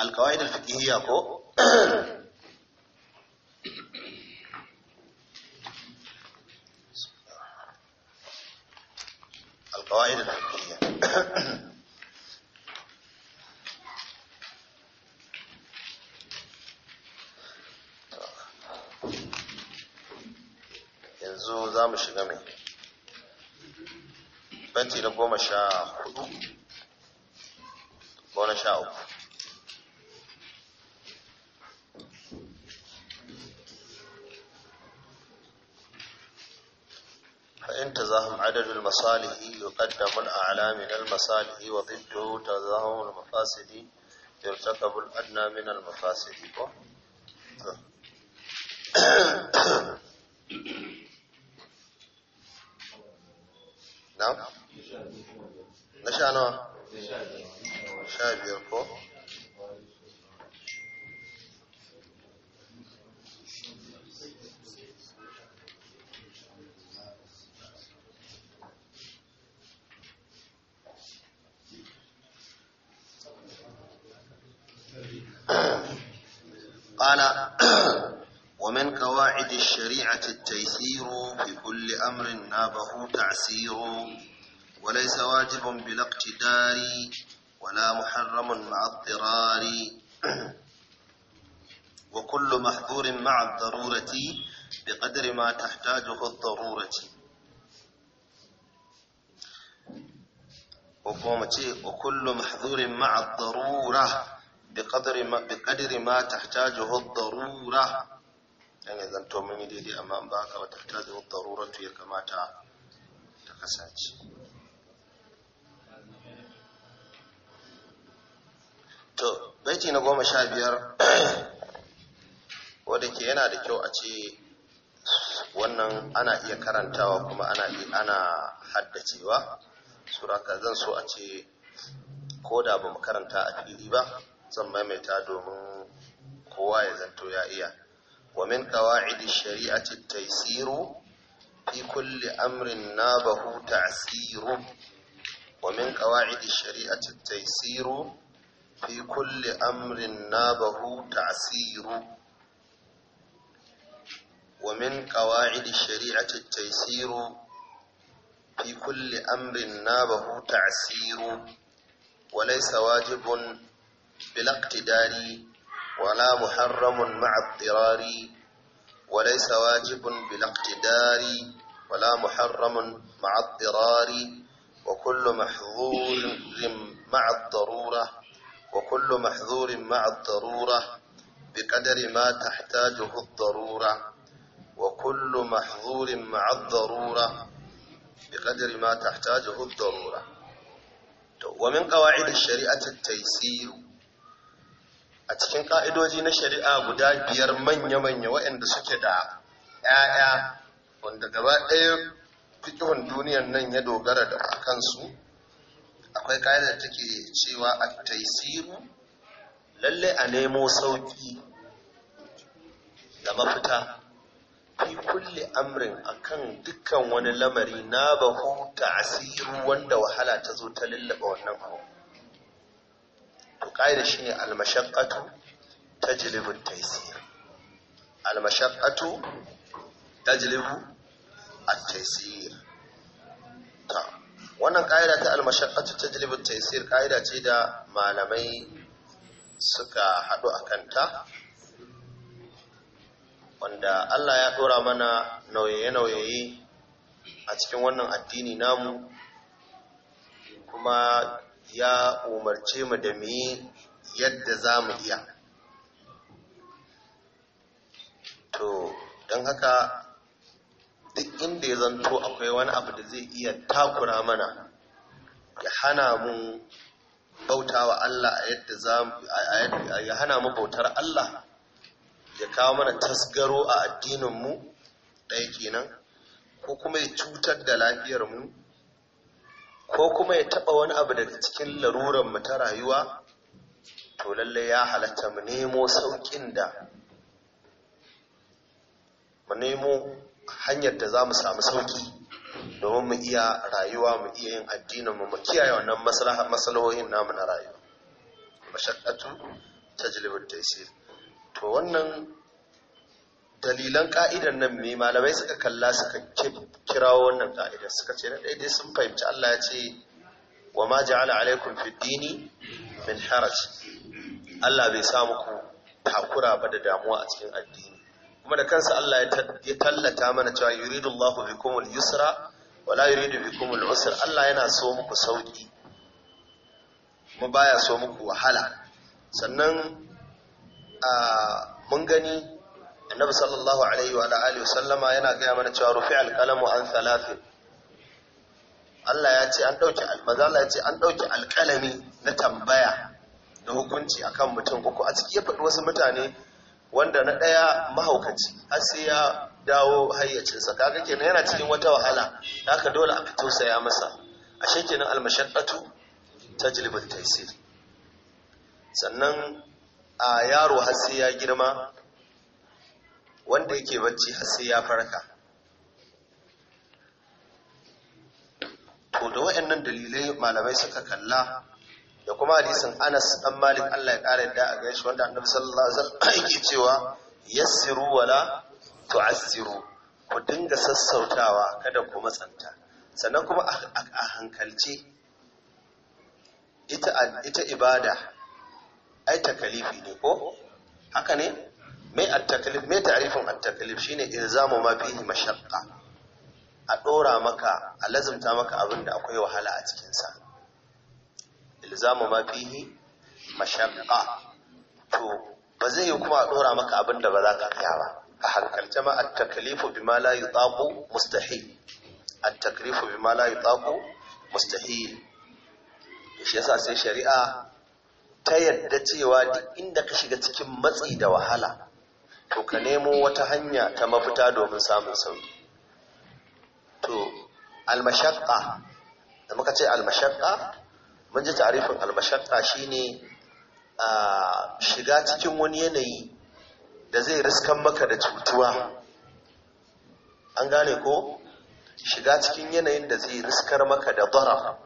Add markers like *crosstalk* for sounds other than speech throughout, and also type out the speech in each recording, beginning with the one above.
alkawai da fiƙihiyya ko alkawai da yanzu za mu shiga mai banci da goma sha hudu goma sha uku عدد المصالح يقدم الأعلى من المصالح وضده تزاهم المفاسد يرتكب الأدنى من المفاسد التيسير في كل أمر نابه تعسير وليس واجب بلا اقتدار ولا محرم مع اضطرار وكل محظور مع الضرورة بقدر ما تحتاجه الضرورة وكل محظور مع الضرورة بقدر ما, بقدر ما تحتاجه الضرورة yana zanto mini daidai amma in ba ka wata ta da ya kamata ta kasance to baiti na goma sha biyar *clears throat* wadda ke yana da kyau a ce wannan ana iya karantawa kuma ana ana haddacewa suraka zan so a ce ko da ba mu karanta a fili ba zan maimaita domin kowa ya zanto ya iya ومن قواعد الشريعة التيسير في كل أمر نابه تعسير ومن قواعد الشريعة التيسير في كل أمر نابه تعسير ومن قواعد الشريعة التيسير في كل أمر نابه تعسير وليس واجب بلا اقتدار ولا محرم مع اضطرار وليس واجب بلا اقتدار ولا محرم مع اضطرار وكل محظور مع الضرورة وكل محظور مع الضرورة بقدر ما تحتاجه الضرورة وكل محظور مع الضرورة بقدر ما تحتاجه الضرورة ومن قواعد الشريعة التيسير a cikin ƙa'idoji na shari'a guda biyar manya-manya waɗanda suke da ‘ya'ya wanda gaba ɗaya fikihun duniyar nan ya dogara da kansu akwai ka’idar da take cewa a taisiru lalle a nemo sauƙi da mafita fi kulle amrin kan dukkan wani lamari na bahu ta asiru wanda wahala ta zo ta lallaba wannan abu ƙa'ida shi ne almashaƙatu ta jilibin taisir almashaƙatu ta jilibin taisir ta wannan ƙa'ida ta almashaƙatu ta jilibin taisir ƙa'ida ce da malamai suka haɗu a kanta wanda Allah ya ɗora mana nauye-nauye a cikin wannan addini namu kuma ya umarce mu da mu yadda za mu iya to don haka duk inda ya zanto akwai wani abu da zai iya takura mana ya hana mu bautawa Allah a yadda za ya hana mu bautar Allah ya kawo mana tasgaro a addininmu ɗaya kenan ko kuma ya cutar da lafiyar mu? ko kuma ya taɓa wani abu daga cikin laruran mu ta rayuwa to lalle ya halatta mu nemo sauƙin da mu nemo hanyar da za mu samu sauƙi domin mu iya rayuwa mu iya yin addinin mu mu kiyaye wannan masalahohin namu na rayuwa mashaqqatu tajlibu taysir to wannan dalilan ƙa'idan nan me malamai suka kalla suka kirawo wannan ka'idar suka ce na daidai sun fahimci Allah ya ce wa ma ja'ala alaikum fid dini min haraj Allah bai sa muku takura ba da damuwa a cikin addini kuma da kansa Allah ya tallata mana cewa yuridullahu bikumul yusra wala yuridu bikumul usra Allah yana so muku sauki kuma baya so muku wahala sannan ah, mun gani annabi sallallahu alaihi wa alihi sallama yana gaya mana cewa rufi alqalamu an thalathin Allah ya ce an ɗauki manzo Allah ya ce an dauke alqalami na tambaya da hukunci akan mutum uku a ciki ya faɗi wasu mutane wanda na ɗaya mahaukaci har sai ya dawo hayyacinsa kaga kenan yana cikin wata wahala haka dole a fito saya masa ashe kenan almashaddatu tajlibut taysir sannan a yaro har sai ya girma wanda yake bacci har sai ya farka to da wayannan dalilai malamai suka kalla da kuma hadisin Anas dan Malik Allah ya kare da a gaishe wanda Annabi sallallahu alaihi wasallam *coughs* yake cewa yassiru wala tu'assiru ku dinga sassautawa kada ku matsanta sannan kuma a hankalce ita ita ibada ai takalifi ne ko haka ne mai at-taklif mai ta'rifin at-taklif shine ilzamu ma fihi mashaqqa a dora maka a lazimta maka abin da akwai wahala a cikin sa ilzamu ma fihi mashaqqa to ba zai yi kuma a dora maka abin da ba za ka iya ba a hankalce ma at-taklifu bima la yutaqu mustahil at-taklifu bima la yutaqu mustahil shi yasa sai shari'a ta yadda cewa duk inda ka shiga cikin matsi da wahala to ka nemo wata hanya ta mafita domin samun sauki to almashakka da muka ce almashakka mun ji tarifin almashakka shine a shiga cikin wani yanayi da zai riskan maka da cutuwa an gane ko shiga cikin yanayin da zai riskar maka da bara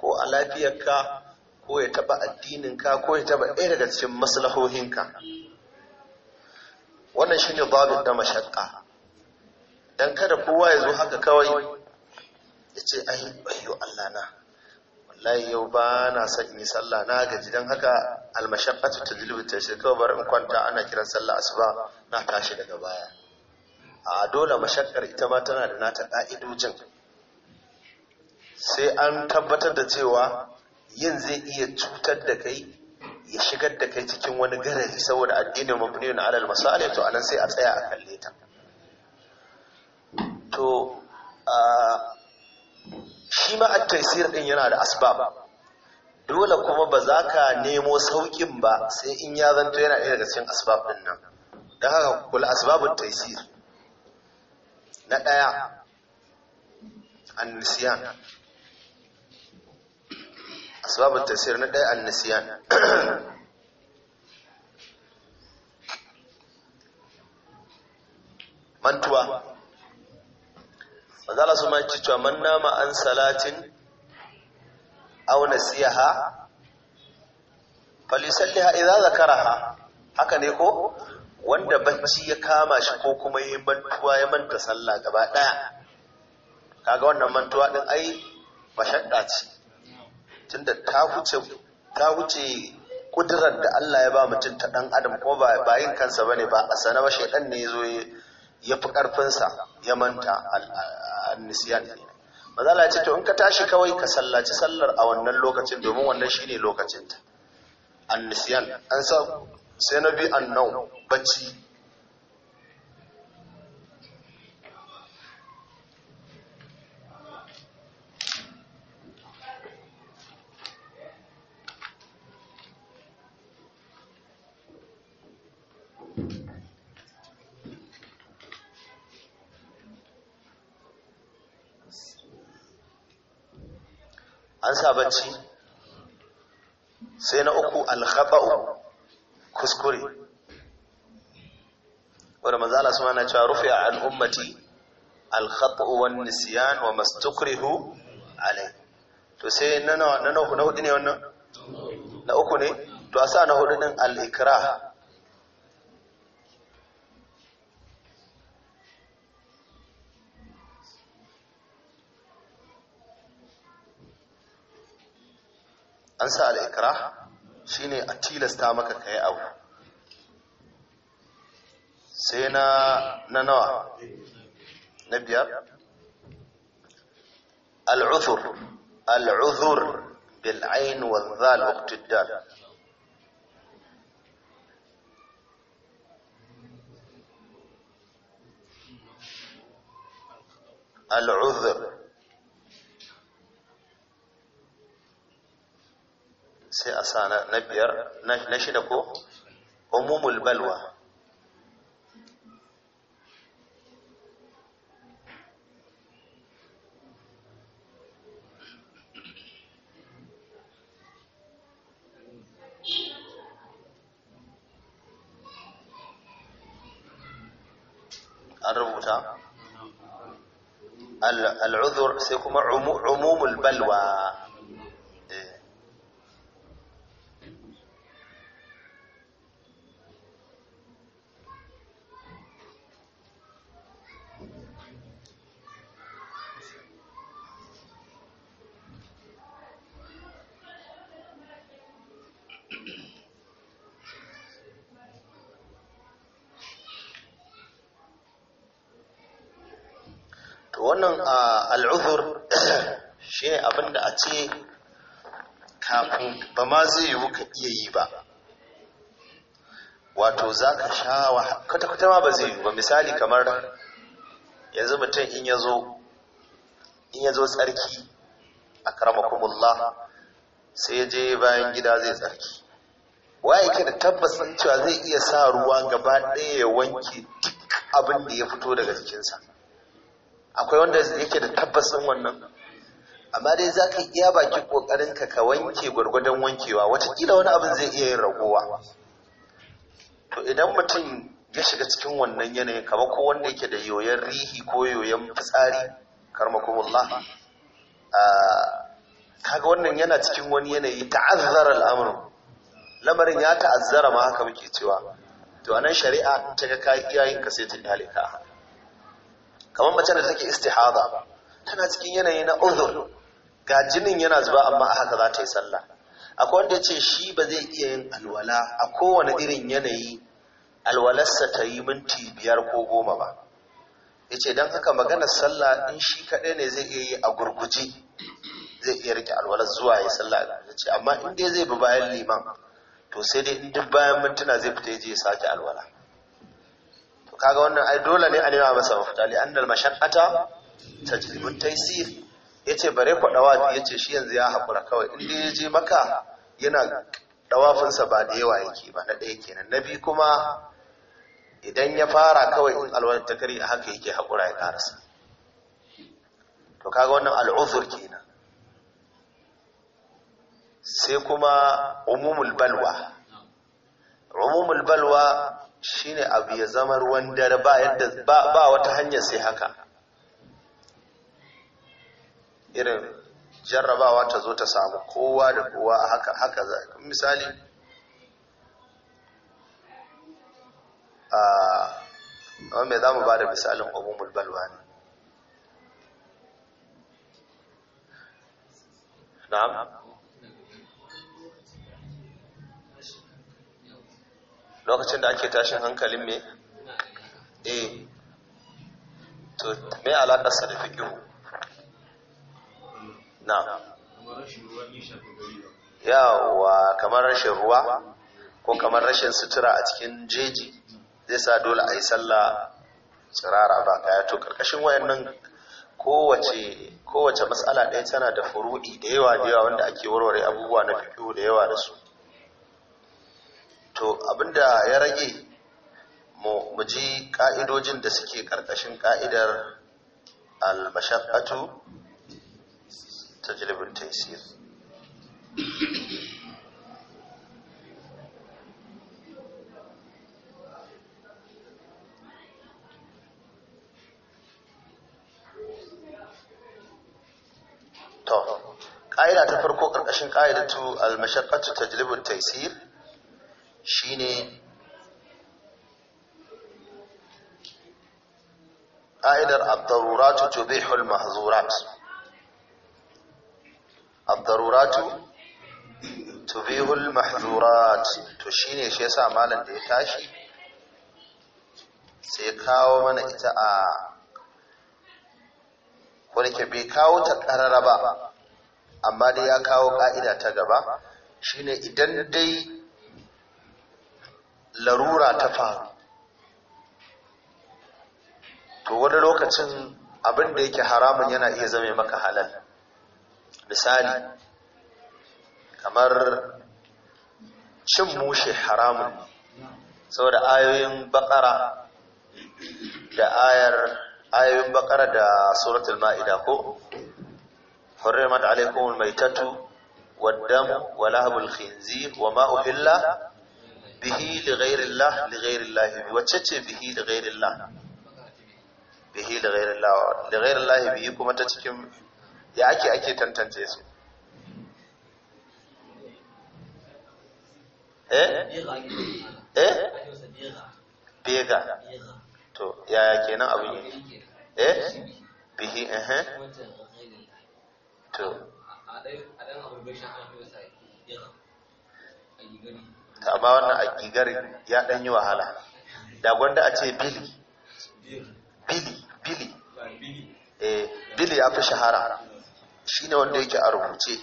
ko a lafiyarka ko ya taba addininka ko ya taba ɗaya daga cikin maslahohinka wannan shi ne babin da mashaƙa don kada kowa ya zo haka kawai ya ce ayyo Allah na wallahi yau ba na son in yi sallah na gaji don haka almashaƙatu ta jilibu ta shi kawai bari in kwanta ana kiran sallah asuba na tashi daga baya a dole mashaƙar ita ma tana da nata ƙa'idojin sai an tabbatar da cewa yin zai iya cutar da kai ya shigar da kai cikin wani garari saboda addinin mabniyun alal masalih to anan sai a tsaya a kalle ta to shi ma at-taysir din yana da asbab dole kuma ba za ka nemo saukin ba sai in ya zanto yana ɗaya daga cikin asbab din nan don haka kula asbabun taysir na ɗaya an nisiyan asbabun tasiri na ɗaya annasiyan mantuwa ba za su mai cewa man nama an salatin auna siya ha? aw nasiyaha falisalliha kara ha, haka ne ko wanda bacci ya kama shi ko kuma ya mantuwa ya manta sallah gaba ɗaya kaga wannan mantuwa ɗin ai ba shaɗa ce tunda ta wuce ta wuce kudirar da Allah ya ba mutum ta dan adam ko ba bayin kansa bane ba a sanar ba ne yazo ya fi karfin sa ya manta al-nisyan mazala ce to in ka tashi kawai ka sallaci sallar a wannan lokacin domin wannan shine lokacin ta an-nisyan an sa sai na bi annau bacci an sa bacci sai na uku alkhata'u kuskure wanda manzo Allah subhanahu wa ta'ala rufi'a an ummati alkhata'u wan nisyan wa mastukrihu alai to sai na hudu ne wannan na uku ne to a sa na hudu din al an sa al'ikrah shine a tilasta maka kai yi abu sai na na nawa na biyar al'uthur al'uthur bil'ain wa zal uqtiddal al'uthur sai a sa na biyar na shida ko umumul balwa an rubuta al'uzur sai kuma umumul ita ma ba zai yi ba misali kamar yanzu mutum in ya zo in yazo tsarki a karamakumullah sai ya je bayan gida zai tsarki wa yake da tabbacin cewa zai iya sa ruwa gaba ɗaya ya wanke duk abin da ya fito daga jikinsa akwai wanda yake da tabbacin wannan amma dai za ka iya baki ƙoƙarinka ka wanke gwargwadon wankewa watakila wani abin zai iya yin ragowa to idan mutum ya shiga cikin wannan yanayin kama ko wanda yake da yoyon rihi ko yoyon fitsari karmakumullah kaga wannan yana cikin wani yanayi ta'azzara lamarin ya ta'azzara ma haka muke cewa to anan shari'a ta ga kayayin ka sai ta dale kamar mace da take istihada tana cikin yanayi na uzur ga jinin yana zuba amma a haka za ta yi sallah akwai wanda ya ce shi ba zai iya yin alwala a kowane irin yanayi alwalarsa ta yi minti biyar ko goma ba ya ce don haka maganar sallah in shi kaɗai ne zai iya yi a gurguje zai iya rike alwalar zuwa ya sallah ya ce amma in dai zai bi bayan liman to sai dai in duk bayan mintuna zai fita je ya sake alwala to kaga wannan ai dole ne a nema masa mafita li annal mashaqqata tajlibut taysir yace bare ku dawa yace shi yanzu ya haƙura kawai in dai je maka yana dawafinsa ba da yawa yake ba na ɗaya kenan na biyu kuma idan ya fara kawai in alwala ta karya haka yake haƙura ya karasa to kaga wannan al'uzur kenan sai kuma umumul balwa umumul balwa shine abu ya zama ruwan dare ba yadda ba wata hanyar sai haka irin jarrabawa ta zo ta samu kowa da kowa a haka haka misali a ah, mai za mu ba da misalin umumul balwa ne na'am lokacin da ake tashin hankalin me eh to me alaƙa sa da fikihu Na. yawa kamar rashin ruwa ko kamar rashin sutura a cikin jeji zai sa dole a yi sallah tsirara ba kaya to karkashin wayannan kowace kowace matsala ɗaya tana da furu'i da yawa da yawa wanda ake warware abubuwa na fiƙo da yawa da su to abinda ya rage mu ji ƙa'idojin da suke ƙarƙashin ƙa'idar al-mashaqqatu tajlibul taysir ƙa'ida ta farko ƙarƙashin ƙa'idatu al-mashaqqatu tajlibu taysir shine ƙa'idar ad-daruratu tubihu al-mahzurat ad-daruratu tubihu al-mahzurat to shine shi yasa malam da ya tashi sai kawo mana ita a wani ke bai kawo ta ƙarara ba amma dai ya kawo ƙa'ida ta gaba shine idan dai larura ta faru to wani lokacin abin da yake haramun yana iya zame maka halal misali kamar cin mushe haramun saboda ayoyin bakara da ayar ayoyin bakara da suratul ma'ida ko حرمت عليكم الميتة والدم ولهب الخنزير وما أهل به لغير الله لغير الله وتشتي به لغير الله به لغير الله لغير الله به كما تتكم يا أكي أكي تنتنتي اسمه eh bega to yaya kenan abin eh bihi eh to amma wannan a gigar ya dan yi wahala da gwanda a ce bili bili bili eh bili ya fi shahara shine wanda yake a rubuce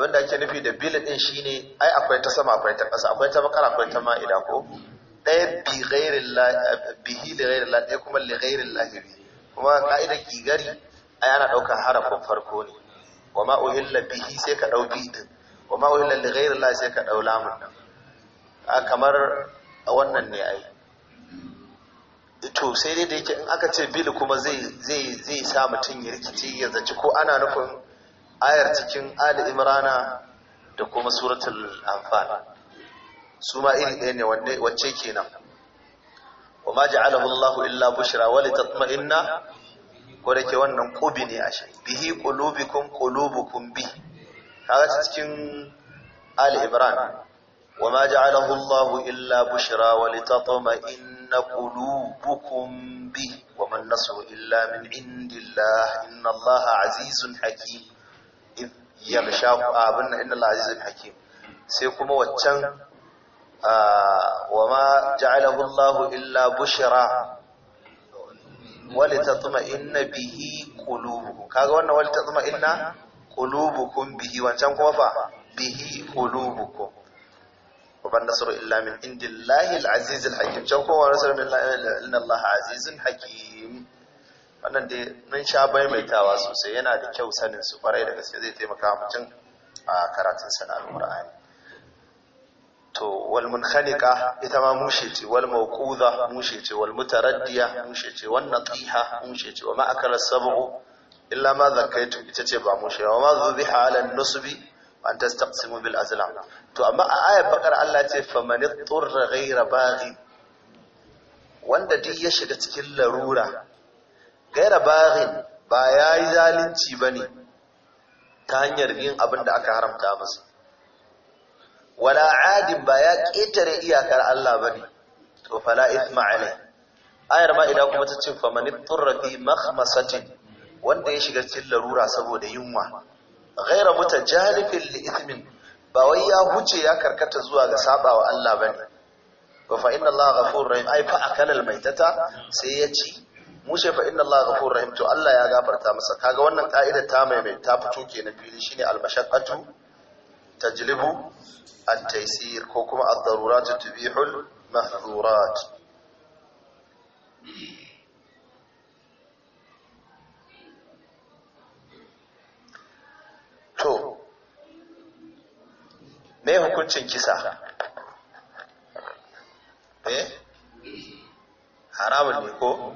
wanda ake nufi da bili din shine ai akwai ta sama akwai ta ƙasa akwai ta bakara akwai ta ma'ida ko ɗaya bi ghairin bihi da ghairin la ɗaya kuma li ghairin lahibi kuma ka'idar gigari ai ana ɗaukar harafin farko ne wa ma uhilla sai ka ɗauki din wa ma uhilla li sai ka dau lamun nan a kamar a wannan ne ai to sai dai da yake in aka ce bil kuma zai zai zai sa mutun ya rikici ya zaci ko ana nufin ayar cikin Ali Imrana da kuma suratul Anfal su ma iri ɗaya ne wanne wacce kenan wa ma ja'alahu Allahu illa bushra wa litatma'inna ko da ke wannan kubi ne ashe bihi qulubikum qulubukum bi kaga cikin ali ibran wa ma ja'alahu allah illa bushra wa litatma'inna qulubukum bi wa man nasru illa min indillah inna allaha azizun hakim yarsha ah, abin nan inna al-azizul hakim sai kuma waccan ah, wama ja'alahu Allahu illa wali tatma inna bihi kulubu kaga wannan wali tatma inna kun bihi wancan kuma fa bihi qulubukum wa ban nasru illa min indillahi al-aziz al-hakim can kuma nasru min inna Allah azizun hakim wannan dai mun sha bai tawa sosai yana da kyau sanin su kwarai da gaske zai taimaka mutum a karatun sana'ar Qur'ani to wal munkhaliqa ita ma mushe ce wal mushe ce wal mutaraddiya mushe ce wan natiha mushe ce wa ma sab'u illa ma zakaitu ita ce ba mushe wa ma zubiha ala nusbi an tastaqsimu bil azlam to amma a aya bakar Allah ce faman turra ghayra baghi wanda duk ya shiga cikin larura ghayra baghin ba yayi zalunci bane ta hanyar yin abin da aka haramta masa wala adin ba ya ketare iyakar Allah bane to fala isma alai ayar ma idan kuma ta ce faman turra fi makhmasatin wanda ya shiga cikin larura saboda yunwa ghaira mutajalifin li ithmin ba wai ya huce ya karkata zuwa ga sabawa Allah bane wa fa inna Allah ghafurur rahim ai fa al maitata sai ya ci mushe fa inna Allah ghafurur rahim to Allah ya gafarta masa kaga wannan ka'ida ta mai mai ta fito kenan fili shine al-mashaqqatu tajlibu التيسير كوكما الضرورات تبيح المحظورات تو ما هو كل كسا ايه حرام اللي هو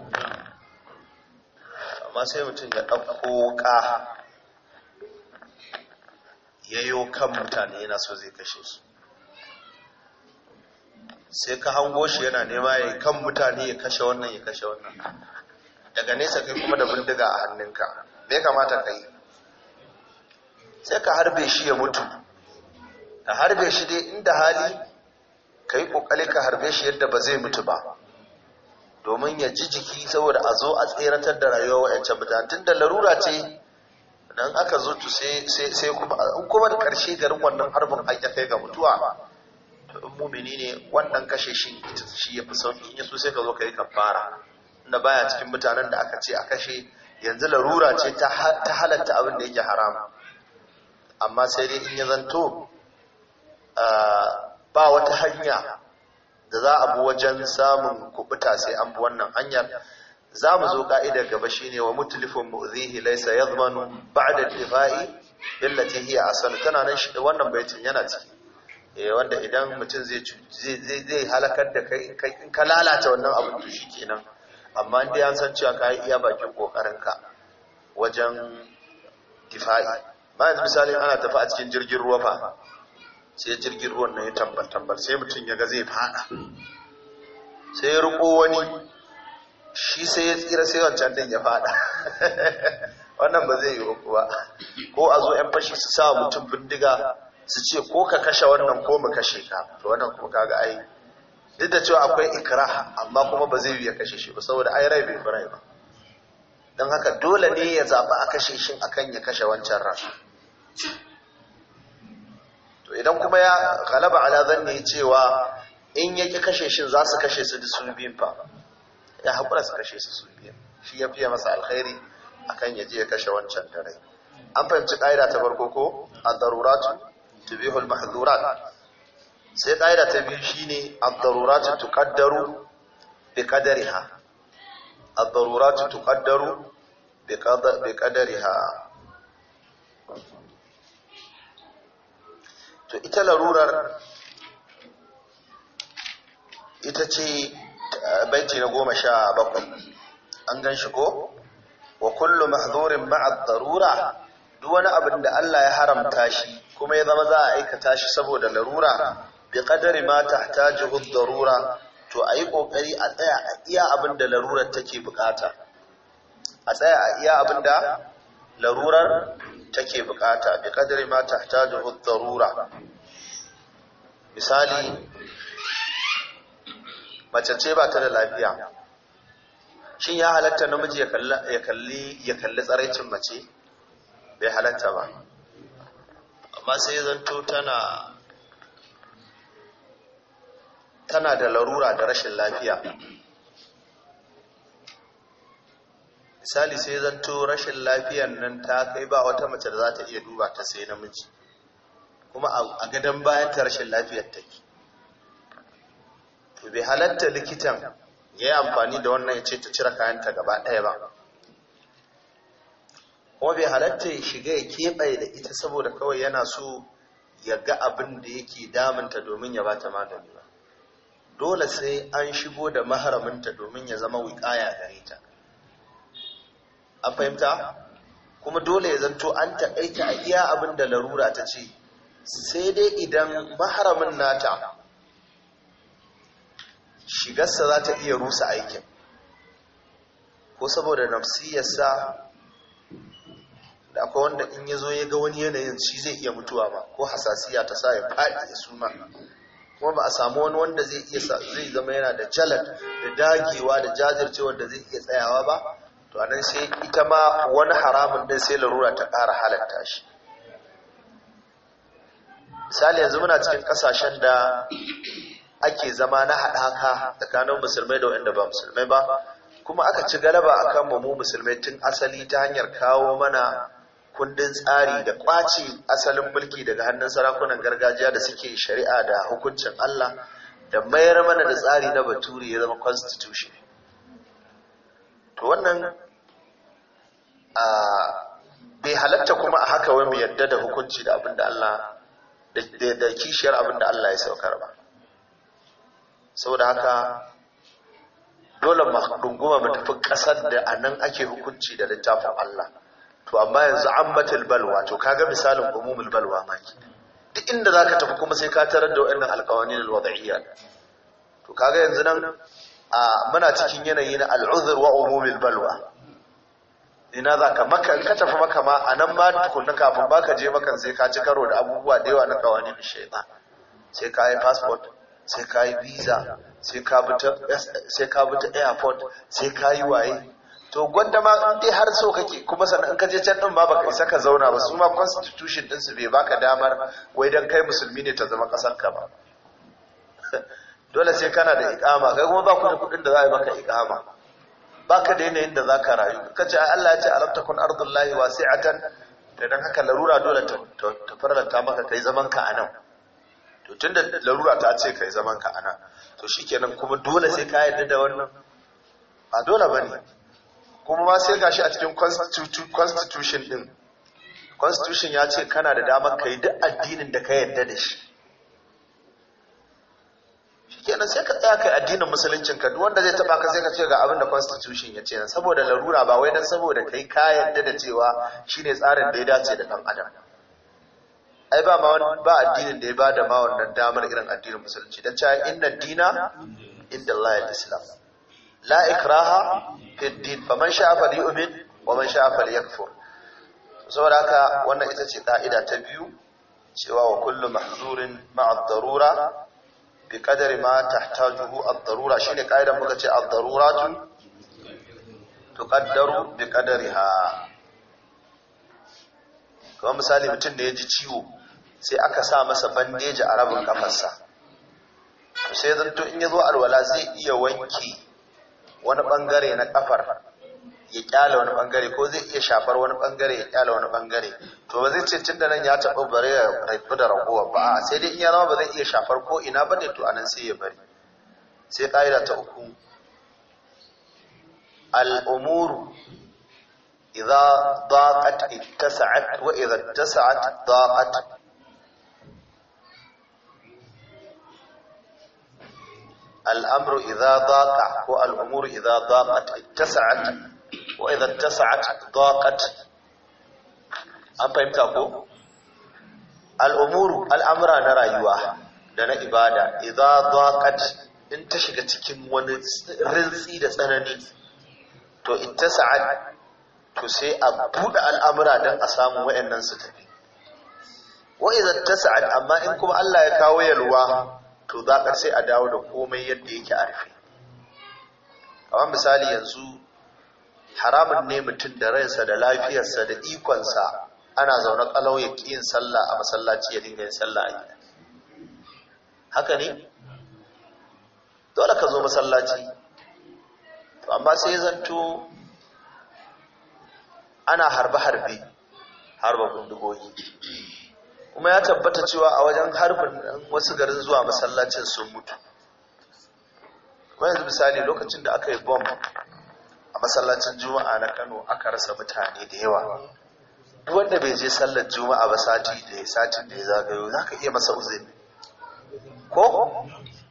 ما سيمتن يدقو كاها yayo kan mutane yana so zai kashe su sai ka hango shi yana nema ya kan mutane ya kashe wannan ya kashe wannan daga nesa kai kuma da bindiga a hannunka bai kamata ka yi sai ka harbe shi ya mutu ka harbe shi dai inda hali ka yi kokali ka harbe shi yadda ba zai mutu ba domin ya ji jiki saboda a zo a tseratar da rayuwa wa'yancan mutane tun da larura ce dan aka zo to sai kuma da karshe garin wannan harbin aka kai ga mutuwa to mumini ne wannan kashe shi ita shi yafi sauki in yaso sai ka zo kai kafara na baya cikin mutanen da aka ce a kashe yanzu larura ce ta halatta abin da yake haram amma sai dai in ya zanto ba wata hanya da za a bi wajen samun kubuta sai an bi wannan hanyar za mu zo ka'idar gaba shi ne, wa mutulifin mu'zihi laysa yadmanu ba'da al-difa'i billati hiya asal Tana nan shi wannan baitin yana ciki eh wanda idan mutum zai zai zai halakar da kai in ka lalata wannan abin to shikenan amma indai an san cewa kai iya bakin kokarinka wajen difa'i ba yanzu misali ana tafi a cikin jirgin ruwa fa sai jirgin ruwan nan ya tambar tambar sai mutum ya ga zai fada sai ya ruko wani shi sai ya tsira sai wancan din ya fada wannan ba zai yiwu kuwa ko a zo yan fashi su sa mutum bindiga su ce ko ka kashe wannan ko mu kashe ka to wannan kuma kaga ai duk da cewa akwai ikra amma kuma ba zai yiwu ya kashe shi ba saboda ai rai bai rai ba don haka dole ne ya zaba a kashe shi akan ya kashe wancan ran to idan kuma ya galaba ala zanni cewa in yake kashe shi za su kashe su da sun fa ya haƙura su kashe su sun biyar shi ya fiye masa alkhairi akan ya je ya kashe wancan dare? an fahimci ƙa'ida ta farko ko ad-daruratu tubihul mahdhurat sai ƙa'ida ta biyu shine ad-daruratu tuqaddaru bi qadariha ad-daruratu tuqaddaru bi qadariha to ita larurar ita ce baiti na goma sha bakwai an gan shi ko wa kullu mahdhurin ma'a darura duk wani abin da Allah ya haramta shi kuma ya zama za a aikata shi saboda larura bi qadari ma tahtajihu darura to ayi kokari a tsaya a iya abin da larurar take bukata a tsaya a iya abin da larurar take bukata bi qadari ma tahtajihu darura misali mace ce ba ta da lafiya shin ya halatta namiji ya kalli ya kalli tsaraicin mace bai halatta ba amma sai zanto tana tana da larura da rashin lafiya misali sai zanto rashin lafiyan nan ta kai ba wata mace da za ta iya duba ta sai namiji kuma a gadon bayan ta rashin lafiyar take to bai halatta likitan ya yi amfani da wannan ya ce ta cire kayanta gaba ɗaya ba kuma bai halatta ya shiga ya keɓe da ita saboda kawai yana so ya ga abin da yake damunta domin ya bata magani ba dole sai an shigo da maharaminta domin ya zama wiƙaya gare ta an fahimta kuma dole ya zanto an taƙaita a iya abin da larura ta ce sai dai idan maharamin nata shigarsa za ta iya rusa aikin ko saboda nafsiyarsa da akwai wanda in ya zo ya ga wani yanayin shi zai iya mutuwa ba ko hasasiya ta sa ya faɗi ya suma kuma ba a samu wani wanda zai iya zai zama yana da jalad da dagewa da jajircewa da zai iya tsayawa ba to anan sai ita ma wani haramun din sai larura ta ƙara halatta shi misali yanzu muna cikin ƙasashen da ake zama na haɗaka tsakanin musulmai da waɗanda ba musulmai ba kuma aka ci galaba a kan mu musulmai tun asali ta hanyar kawo mana kundin tsari da ƙwace asalin mulki daga hannun sarakunan gargajiya da suke shari'a da hukuncin Allah da mayar mana da tsari na baturi ya zama constitution to wannan bai halatta kuma a haka wai mu yadda da hukunci da abin da Allah da kishiyar abin da Allah ya saukar ba saboda haka dole dunguma mu tafi ƙasar da a nan ake hukunci da littafin Allah to amma yanzu ammatul balwa to kaga misalin umumul balwa ma duk inda zaka tafi kuma sai ka tarar da wannan alqawanin alwad'iyya to kaga yanzu nan a muna cikin yanayi na al'udhr wa umumul balwa ina zaka maka ka tafi maka ma anan ma tukunna kafin baka je maka sai ka ci karo da abubuwa da yawa na qawanin shaytan sai ka yi passport sai ka yi visa sai ka bi airport sai ka yi waye to gwanda ma har so kake kuma sannan in ka je can din ba baka isa ka zauna ba su ma constitution din su bai baka damar wai dan kai musulmi ne ta zama kasar ka ba *laughs* dole sai kana da ikama, kai kuma ba ku da kudin da za a yi maka iqama baka da yanayin da zaka rayu ce Allah ya ce alam takun ardullahi wasi'atan da dan haka larura dole ta farlanta maka kai zaman ka nan. to tunda larura ta ce kai zaman ka ana to shikenan kuma dole sai ka yarda da wannan ba dole bane kuma ma sai gashi a cikin constitution din constitution ya ce kana da damar kai duk addinin da ka yarda da shi shikenan sai ka tsaya kai addinin musuluncin ka duk wanda zai taba ka sai ka ce ga abin da constitution ya ce saboda larura ba wai dan saboda kai ka yarda da cewa shine tsarin da ya dace da dan adam ai ba ma ba addinin da ya bada ma wannan damar irin addinin musulunci dan cewa inna dina inda Allah al-islam la ikraha fi din faman sha'a falyu'min wa man sha'a falyakfur saboda haka wannan ita ce ka'ida ta biyu cewa wa kullu mahzurin ma'a darura bi qadari ma tahtajuhu ad-darura shine ka'idan muka ce ad-daruratu tuqaddaru bi qadariha kamar misali mutum da ya ji ciwo sai aka sa masa bandeji a rabin kafarsa sai zanto in ya zo alwala zai iya wanke wani bangare na kafar ya kyala wani bangare ko zai iya shafar wani bangare ya kyala wani bangare to ba zai ce tun da nan ya taɓa bare ya rabu da ragowa ba a sai dai in ya zama ba zai iya shafar ko ina ba ne to anan sai ya bari sai ƙa'ida ta uku al'umuru idza daqat ittasa'at wa idza ittasa'at daqat al'amru idza daqa ko al'umuru idza daqat ittasa'at wa idza ittasa'at daqat an fahimta ko al'umuru al'amura na rayuwa da na ibada idza daqat in ta shiga cikin wani rintsi da tsanani to in ta ittasa'at to sai a buɗe al'amura don a samu wayannan su tafi wa ta ittasa'at amma in kuma Allah ya kawo yalwa to za a sai a dawo da komai yadda yake a rufe amma misali yanzu haramun ne mutum da ransa da lafiyarsa da ikonsa ana zaune kalau ya ƙi yin sallah a masallaci ya dinga yin sallah a gida haka ne dole ka zo masallaci to amma sai zanto ana harbe-harbe harba gundugoyi. kuma ya tabbata cewa a wajen harbin wasu garin zuwa masallacin sun mutu yanzu misali lokacin da aka yi bom a masallacin juma'a na kano aka rasa mutane da yawa wanda bai je sallar juma'a ba sati da ya satin da ya zagayo za ka iya masa uzuri ko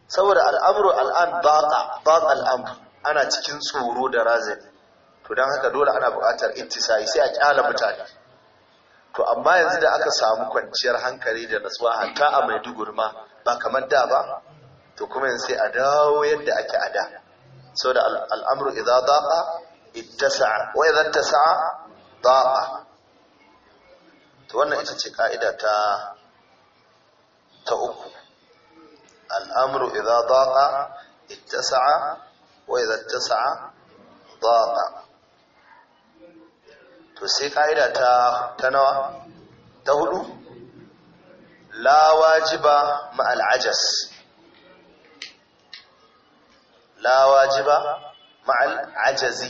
saboda al'amuru al'an ba al'amu ana cikin tsoro da razani to don haka dole ana buƙatar intisai sai a ƙyala mutane to amma yanzu da aka samu kwanciyar hankali da nasuwa hatta a maiduguri ma ba kamar da ba to kuma yanzu sai a dawo yadda ake a da sau da al'amuru idza daqa ittasa'a wa idza ittasa'a daqa to wannan ita ce ka'ida ta ta uku al'amuru idza daqa ittasa'a wa idza ittasa'a daqa to sai ka'ida ta ta nawa ta hudu la wajiba ma'al ajas la wajiba ma'al ajazi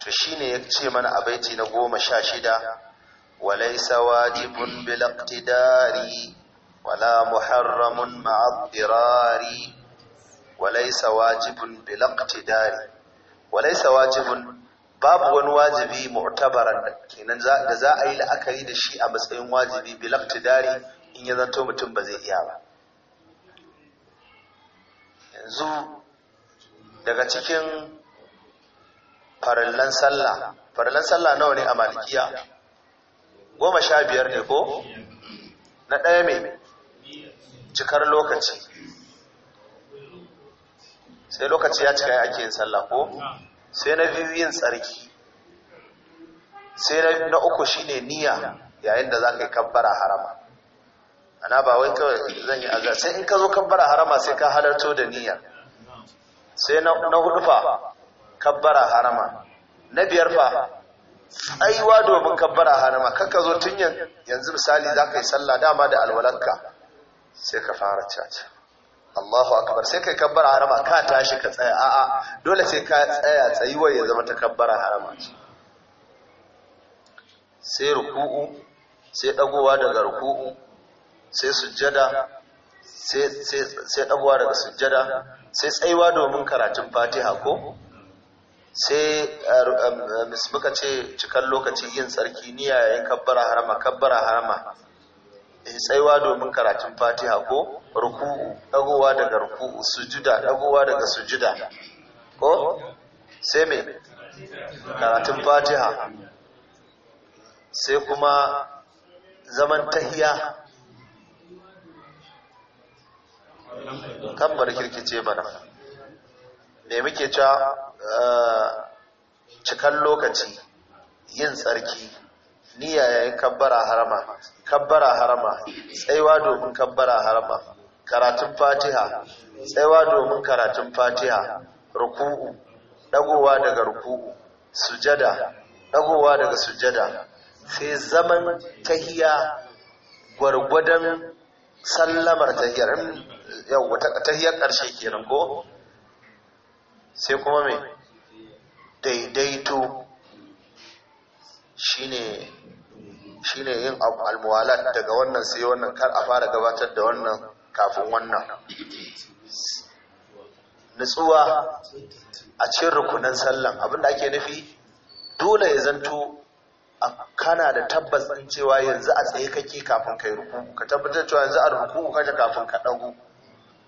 to shi ne ya ce mana a baiti na goma sha shida walaisa wajibun bil iqtidari wala muharramun ma'a dirari walaisa wajibun bil iqtidari walaisa wajibun babu wani wajibi mu'tabaran kenan da za a yi la'akari da shi a matsayin wajibi bilaftidari in ya zanto mutum ba zai iya ba yanzu daga cikin farallan sallah farallan sallah nawa ne a malikiya goma sha biyar ne ko na ɗaya mai cikar lokaci sai lokaci ya cika ake yin sallah ko sai na biyu yin tsarki sai na uku shine niyya yayin da za ka yi kabbara harama ana ba wai kawai zan yi azar sai in ka zo kabbara harama sai ka halarto da niyya sai na hudu fa kabbara harama na biyar fa aiwa domin kabbara harama ka zo tun yanzu misali za ka yi sallah dama da alwalanka sai ka fara caca Allahu akbar sai kai kabbara harama ka tashi ka tsaya a'a dole sai ka tsaya tsayuwar ya zama ta kabbara harama ce sai ruku'u sai dagowa daga ruku'u sai sujjada sai dagowa daga sujjada sai tsayuwa domin karatun Fatiha ko sai eh, eh, muka ce cikan lokaci yin tsarki niyya yayin kabbara harama kabbara harama Eh, tsaiwa domin karatun fatiha ko ruku'u dagowa daga ruku'u sujuda dagowa daga sujuda ko sai me karatun fatiha sai kuma zaman tahiya kan bar kirkice mana me muke cewa eh, cikan lokaci yin tsarki niyya yayin kabbara harama kabbara harama tsaiwa domin kabbara harama karatun fatiha tsaiwa domin karatun fatiha ruku'u dagowa daga ruku'u sujada dagowa daga sujada sai zaman tahiya gwargwadon sallamar tahiyar ta tahiyar ƙarshe kenan ko sai kuma mai daidaito shine shine yin almuwalat daga wannan sai wannan kar a fara gabatar da wannan kafin wannan nutsuwa a cikin rukunan sallan abinda ake nufi dole ya zanto kana da tabbas ɗin cewa yanzu a tsaye kake kafin kai ruku ka tabbatar cewa yanzu a ruku kaje kafin ka dago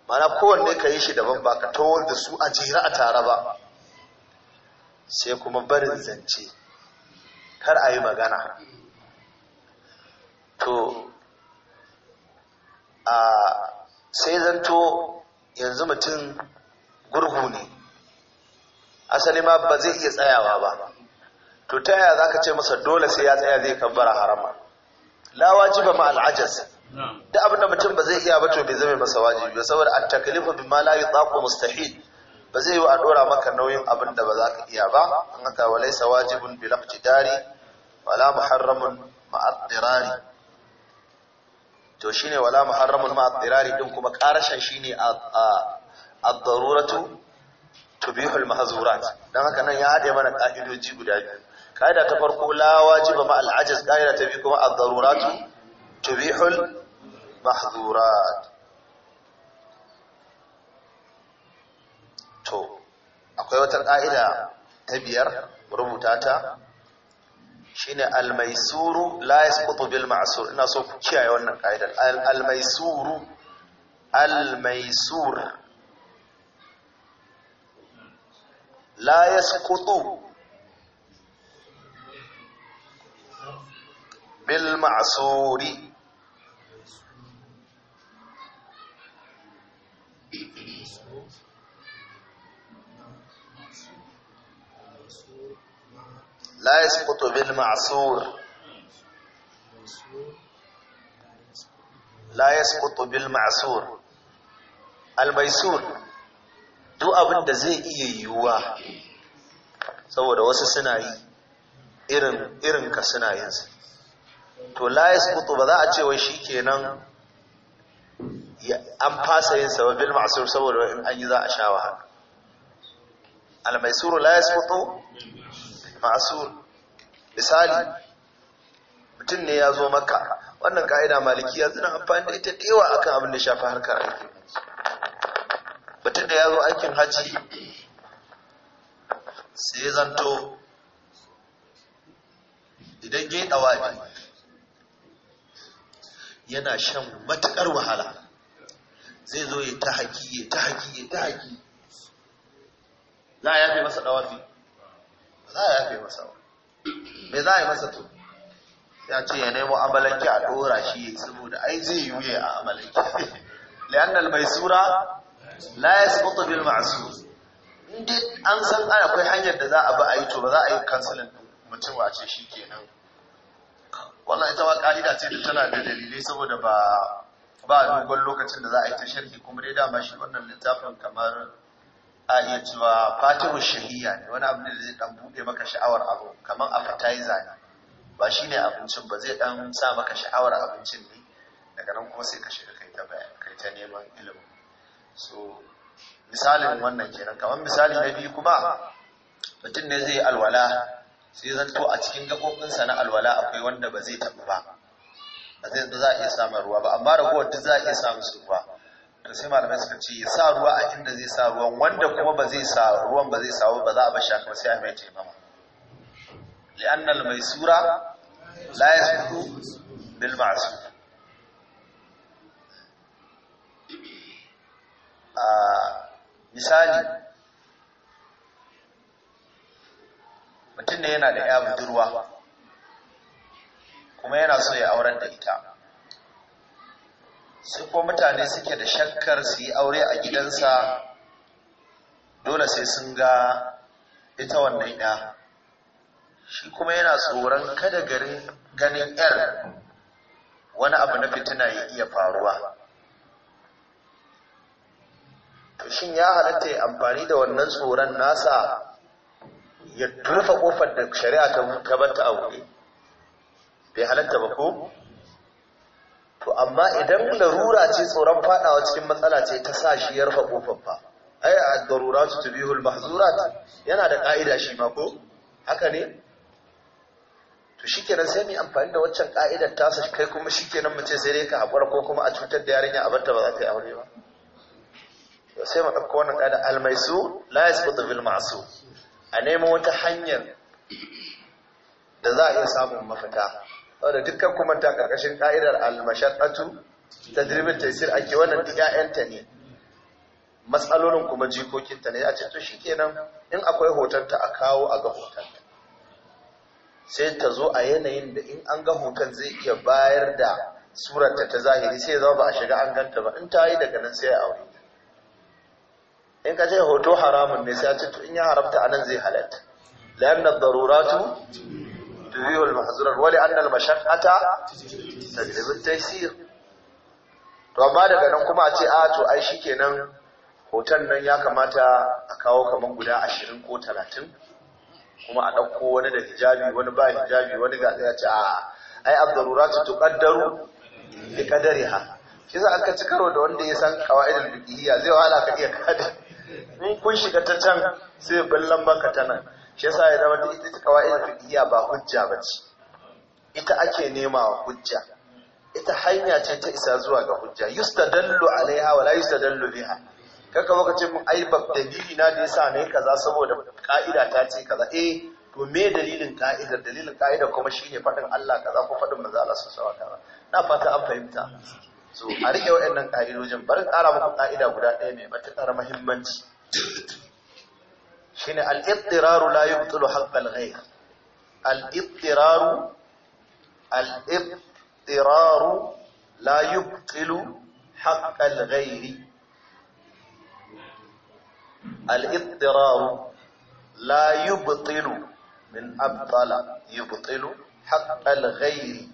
mana kowanne ka yi shi daban ba ka tawar da su a jira a tare ba sai kuma barin zance kar a yi magana to a sai zanto yanzu mutum gurhu ne asali ma ba zai iya tsayawa ba to ta yaya za ce masa dole sai ya tsaya zai kabbara harama la wajiba ma al'ajaz da abinda mutum ba zai iya ba to bai zama masa wajibi ba saboda at taklifu bima la yutaqu mustahil ba zai yi a dora maka nauyin abinda ba za ka iya ba an haka walaysa wajibun bil iqtidari wala muharramun ma'addirari to shine wala muharramun ma'addirari din kuma karashan shine ad-daruratu tubihul mahzurat dan haka nan ya hade mana ka'idoji guda biyu kaida ta farko la wajiba ma al-ajiz kaida ta biyu kuma ad-daruratu tubihul mahzurat to akwai wata ka'ida ta biyar rubuta ta shine almaisuru la yasqutu bil ma'sur ina so ku kiyaye wannan kaidar almaisuru almaisur la yasqutu bil ma'suri la yasqutu bil ma'sur la yasqutu bil duk abin da zai iya yiwuwa saboda wasu suna yi irin irin ka suna yin su to la yasqutu ba za a ce wai shikenan an fasa yin sa bil ma'sur saboda in an yi za a sha wahala al maisur la yasqutu ma'asur misali mutum ne ya zo maka wannan ka'ida malikiya suna amfani da ita dewa akan abin da shafi harkar aiki. mutum da ya zo aikin hajji sai zanto idan ya ɗawaɗi yana shan matuƙar wahala zai zo ya ta haƙi ya ta haƙi ya ta haƙi za a yafe masa ɗawafi za masa ba za a yi masa to ya ce ya nemo amalanki a ɗora shi saboda ai zai yi wuya a amalanki *laughs* li'annal mai sura la yasqutu bil ma'sur inda an san akwai hanyar da za a bi a yi to ba za a yi kansilin mutum a ce shi kenan wannan ita ma ka'ida ce da tana da dalilai saboda ba ba dogon lokacin da za a yi ta sharhi kuma dai dama shi wannan littafin kamar a iya cewa fatihu shari'a ne wani abin da zai dan bude maka sha'awar abu kamar appetizer ne ba shine abincin ba zai dan sa maka sha'awar abincin ne daga nan kuma sai ka shiga kai ta bayan kai ta neman ilimi so misalin wannan kenan kamar misali na biyu kuma mutum ne zai alwala sai zanto a cikin gaɓoɓinsa na alwala akwai wanda ba zai taɓa ba ba zai za a iya samun ruwa ba amma ragowar duk za a iya samun su ruwa to sai malamai suka ce ya sa ruwa a inda zai sa ruwan wanda kuma ba zai sa ruwan ba zai sawo ba za a bashi haka sai a mai taimama li'anna al-maisura la yasbutu bil ma'sur a misali mutum ne yana da ya budurwa kuma yana so ya auren da ita sai ko mutane suke da shakkar su yi aure a gidansa dole sai sun ga ita wannan ya shi kuma yana tsoron kada garin ganin yar wani abu na fitina ya iya faruwa shin ya halatta ya amfani da wannan tsoron nasa ya turfa kofar da shari'a ta bata aure bai halatta ba ko to amma idan larura ce tsoron fadawa cikin matsala ce ta sa shi ya rufe kofar fa ai ad-daruratu tubihul mahzurat yana da ka'ida shi ma ko haka ne to shikenan sai mu amfani da waccan ka'idar sa kai kuma shikenan mu ce sai dai ka hakura ko kuma a cutar da yarinya a barta ba za ta yi aure ba to sai mu dauko wannan ka'ida al-maisu la yasbutu bil ma'su a nemo wata hanyar da za a iya samun mafita wadda dukkan kuma ta karkashin ka'idar al ta tadribin taisir ake wannan 'ya'yanta ne matsalolin kuma jikokinta ne a ce to shikenan in akwai hotonta a kawo a ga hotonta sai ta zo a yanayin da in an ga hoton zai iya bayar da surarta ta zahiri sai zama ba a shiga an ganta ba in ta yi daga nan sai a aure in ka ce hoto haramun ne sai a ce to in ya haramta anan zai halatta la'anna daruratu تذيع المحظورات ولأن المشقة تجلب التيسير to amma daga nan kuma a ce a to ai shikenan hoton nan ya kamata a kawo kaman guda 20 ko 30 kuma a ɗauko wani da hijabi wani ba hijabi wani ga ya ce a ai ta abdaruratu tuqaddaru bi qadariha kisa aka ci karo da wanda ya san qawaidul fiqhiyya zai wahala ka iya kada in kun shiga ta can sai ballan baka ta nan shi yasa ya zama da ita qawaidul fiqhiyya ba hujja ba ce. ita ake nema wa hujja ita hanya ce ta isa zuwa ga hujja yustadallu alaiha wala dallu biha kaka baka ce mun ai bab dalili na da yasa ne kaza saboda ka'ida ta ce kaza eh to me dalilin ka'ida dalilin ka'ida kuma shine fadin Allah kaza ko fadin manzo Allah sallallahu alaihi wasallam na fata an fahimta so a rike waɗannan ka'idojin bari ƙara muku ka'ida guda ɗaya mai matuƙar muhimmanci شنو الاضطرار لا يبطل حق الغير الاضطرار الاضطرار لا يبطل حق الغير الاضطرار لا يبطل من ابطل يبطل حق الغير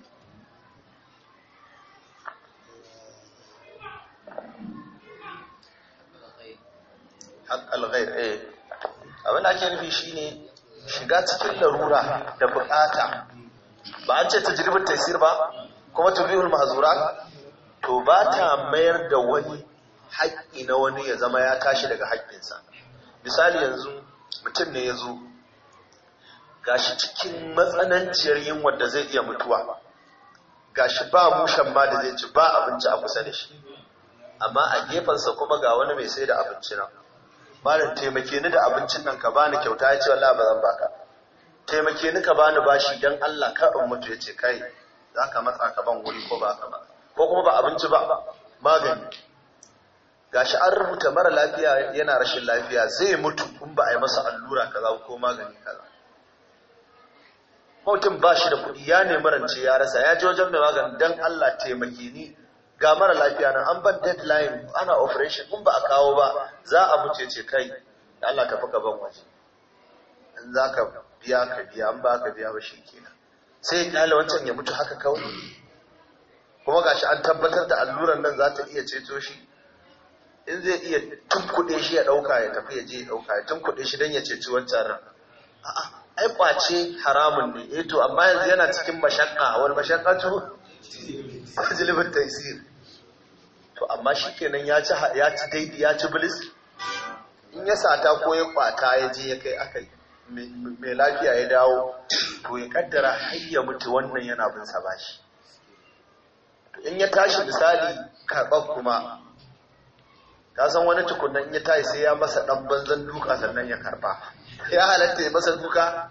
حق الغير ايه abin da ake nufi shine shiga cikin larura da bukata ba an ce ta tajribin taisir ba kuma ta tubihul mazura to ba ta mayar da wani haƙƙi na wani ya zama ya tashi daga haƙƙinsa misali yanzu mutum ne ya zo gashi cikin matsananciyar yin da zai iya mutuwa gashi ba mushen ma da zai ci ba abinci a kusa da shi amma a gefensa kuma ga wani mai sai da abinci na malam taimake ni da abincin nan ka bani kyauta ya ce wallahi ba zan baka taimake ni ka bani bashi dan Allah ka in mutu ya ce kai za matsa ka ban wuri ko ba ka ba ko kuma ba abinci ba magani gashi an rubuta mara lafiya yana rashin lafiya zai mutu in ba a yi masa allura kaza ko magani kaza mutum ba shi da kuɗi ya nemi rance ya rasa ya ji wajen mai magani, dan Allah taimake ni ga mara lafiya nan an ban deadline ana operation kun ba a kawo ba za a muce ce kai da Allah ka faka ban waje in za ka biya ka biya an ba ka biya ba shi kenan sai ya kyale wancan ya mutu haka kawai kuma gashi an tabbatar da alluran nan za ta iya ceto shi in zai iya tun kuɗe shi ya ɗauka ya tafi ya je ya ɗauka ya kuɗe shi don ya ceci wancan ran a'a ai kwace haramun ne eh to amma yanzu yana cikin mashakka mashakka to *laughs* jilbul taysir to amma shi kenan ya ci daidai ya ci bilis in ya sata ko ya kwata ya je ya kai aka mai lafiya ya dawo to ya kaddara har ya mutu wannan yana bin sa bashi to in ya tashi misali karɓar kuma ka san wani tukunan in ya tashi sai ya masa ɗan banzan duka sannan ya karɓa ya halatta ya masa duka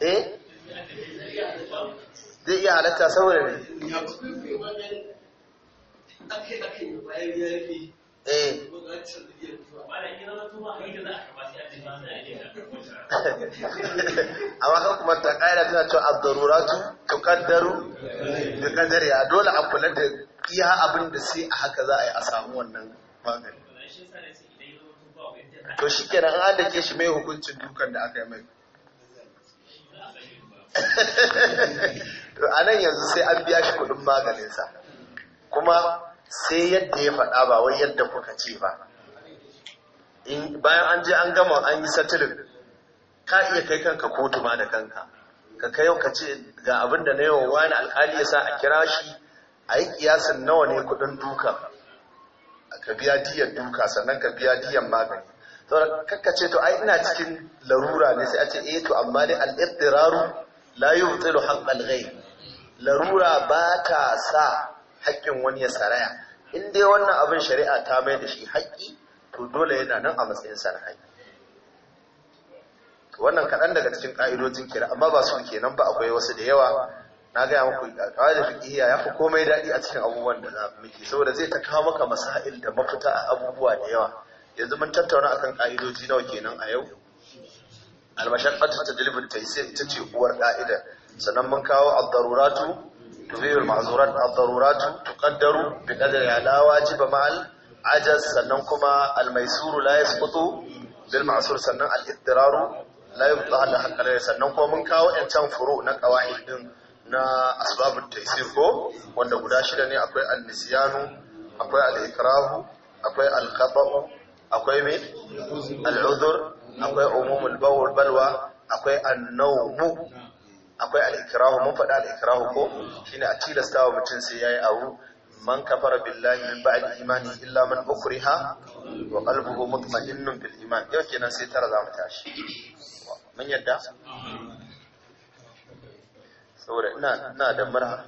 eh zai iya halatta saboda ne Eh. *laughs* amma kan kuma ta ƙa'ida tana cewa abdaruratu tukaddaru da kadar ya dole a kula da iya abin da sai a haka za a yi a samu wannan magani to shi ke nan an dake shi mai hukuncin dukan da aka yi mai *laughs* to a nan yanzu sai an biya shi kudin maganinsa kuma sai yadda ya faɗa ba wai yadda kuka ce ba bayan an je an gama an yi satirin ka iya kai kanka kotu ma da kanka ka kai yau ka ce ga abin da na yau wani alkali ya sa a kira shi a yi kiyasin nawa ne kuɗin duka ka biya diyan duka sannan ka biya diyan magani da kakka ce to ai ina cikin larura ne sai a ce eh to amma dai al-ittiraru la yubtilu haqqal ghayb larura ba ta sa haƙƙin wani ya saraya in dai wannan abin shari'a ta mai da shi haƙƙi to dole yana nan a matsayin sa na haƙƙi wannan kaɗan daga cikin ƙa'idojin kira amma ba su ke nan ba akwai wasu da yawa na gaya muku da da ya fi komai daɗi a cikin abubuwan da za mu yi saboda zai ta kawo maka masail da mafita a abubuwa da yawa yanzu mun tattauna akan ƙa'idoji nawa kenan a yau ta almashaqqatu tadribu taysir ita ce uwar ƙa'idar, sannan mun kawo al daruratu تفيد المعذورات الضرورات تقدر بقدرها لا واجب مع العجز sannan kuma almaisuru la yasqutu bil sannan al ittiraru la yubta al sannan kuma mun kawo yancan furu na qawaid din na asbabut taysir ko wanda guda shida ne akwai al nisyanu akwai al ikrahu akwai al akwai al akwai balwa akwai an akwai al'ikirahu mun faɗa al'ikirahu ko shine a tilasta wa mutum sai ya yi abu man kafara billahi min ba'd imani illa man ha? wa qalbuhu mutma'innun bil iman yau kenan sai tara za mu tashi mun yadda saboda ina ina da murha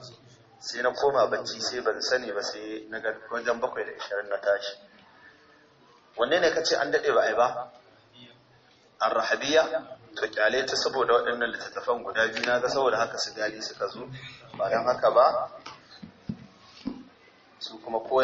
sai na koma bacci sai ban sani ba sai na ga wajen bakwai da ishirin na tashi wanne ne ka ce an dade ba ai ba ar-rahabiyya ka kyale ta saboda waɗannan littattafan guda biyu na ga saboda haka su gali suka zo ba don haka ba su kuma